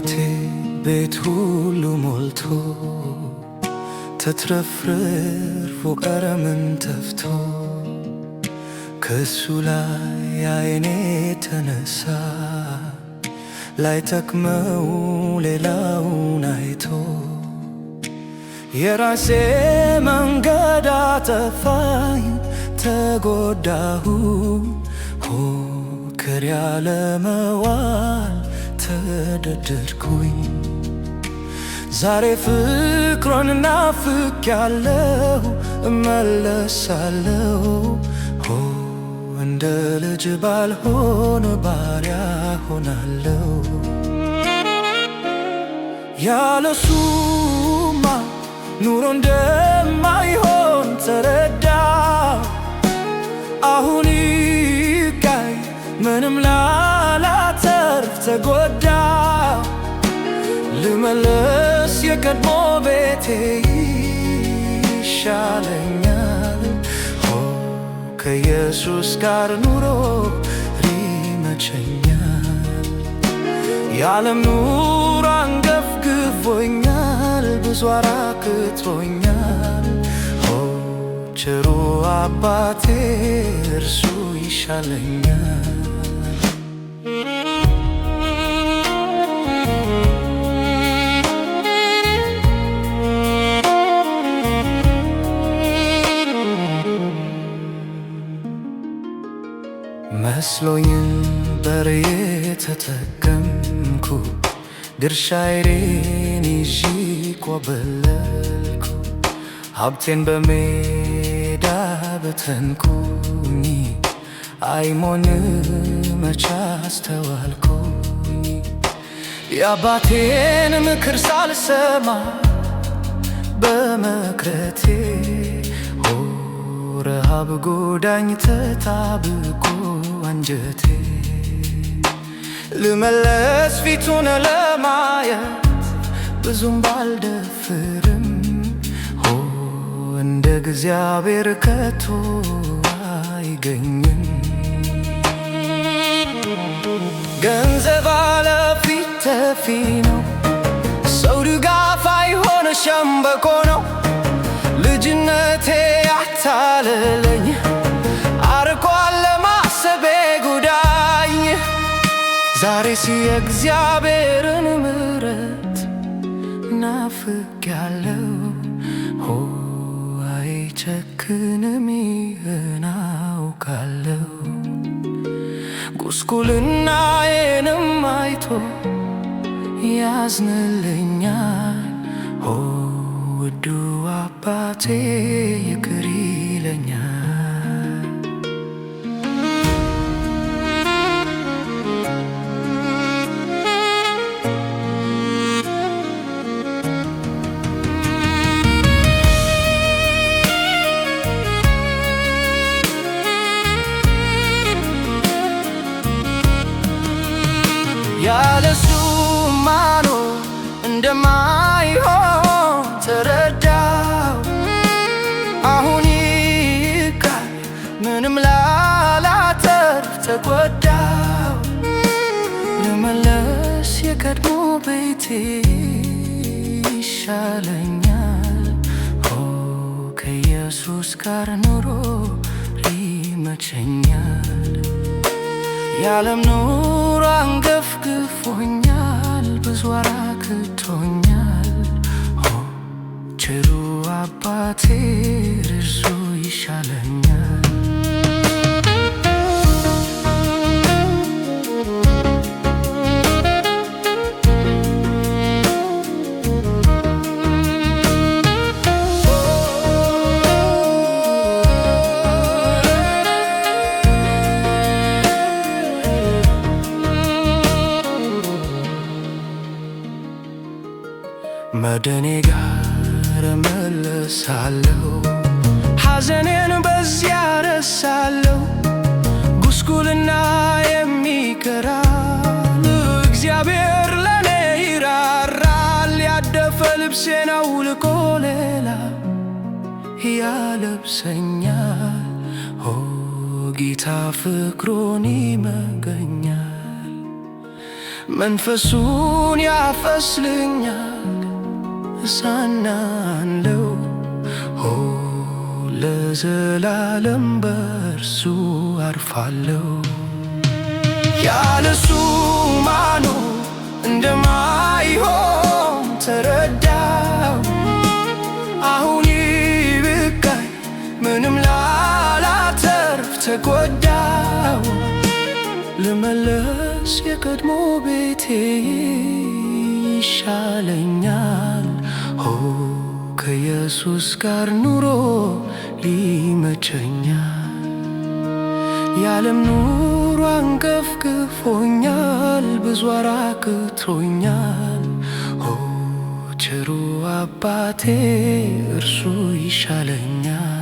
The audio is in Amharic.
በእሳቴ ቤት ሁሉ ሞልቶ ተትረፍርፎ ቀረምን ተፍቶ ከእሱ ላይ አይኔ ተነሳ ላይ ተክመው ሌላውን አይቶ የራሴ መንገድ አጠፋኝ ተጎዳሁ ሆክር ያለመዋል ተገደድኩኝ። ዛሬ ፍቅሯን ናፍቄያለሁ፣ እመለሳለሁ ሆ እንደ ልጅ ባልሆን ባሪያ ሆናለሁ። ያለሱማ ኑሮ እንደማይሆን ተረዳ። አሁን ይብቃኝ ምንም ላላ በግፍ ተጎዳ ልመለስ የቀድሞ ቤቴ ይሻለኛል። ሆ ከኢየሱስ ጋር ኑሮ ይመቸኛል። የዓለም ኑሮ አንገፍግፎኛል፣ ብዙ አራክቶኛል። ሆ ቸሩ አባቴ እርሱ ይሻለኛል። መስሎኝን በሬ ተጠቀምኩ ድርሻዬን ይዤ ቆበለልኩ ሀብቴን በሜዳ በተንኩኝ አይሞን መቻ አስተዋልኩኝ የአባቴን ምክር ሳልሰማ በመክረቴ ሆረሃብ ረሃብ ጎዳኝ ተታብኩ አንጀቴ ልመለስ ፊቱን ለማየት ብዙም ባልደፍርም ሆ እንደ እግዚአብሔር ከቶ አይገኝም። ገንዘብ አለፊት ተፊ ነው፣ ሰው ድጋፍ አይሆን ሸምበቆ ነው። የእግዚአብሔርን ምሕረት ናፍቄያለሁ። ሆ አይቸክንም ይህን አውቃለሁ። ጉስቁልናዬንም አይቶ ያዝንልኛል። ሆ ውዱ አባቴ ይቅር ይለኛል። ያለሱ ማኖ እንደማይሆን ተረዳው። አሁን ይብቃኝ ምንም ላላተርፍ ተጎዳው። ለመለስ የቀድሞ ቤቴ ይሻለኛል። ሆ ከኢየሱስ ጋር ኑሮ ሊመቸኛል። የዓለም ኑሮ አንገፍግፎኛል፣ ብዙ አራክቶኛል። ችሩ አባቴ ወደ እኔ ጋር እመለሳለሁ፣ ሐዘኔን በዚያ ረሳለሁ። ጉስቁልና የሚከራል እግዚአብሔር ለኔ ይራራል። ያደፈ ልብሴን አውልቆ ሌላ ያለብሰኛል። ኦ ጌታ ፍቅሩን ይመገኛል፣ መንፈሱን ያፈስልኛል። ሳናንለው! ሆ ለዘላለም በእርሱ አርፋለሁ። ያለሱ ማኑ እንደማይሆን ተረዳው። አሁን ይብቃኝ ምንም ላላተርፍ ተጎዳው። ልመለስ የቀድሞ ቤቴ ይሻለኛል። ሆ ከኢየሱስ ጋር ኑሮ ሊመቸኛ የዓለም ኑሮ አንገፍግፎኛል፣ ብዙ አራክቶኛል። ሆ ቸሩ አባቴ እርሱ ይሻለኛል።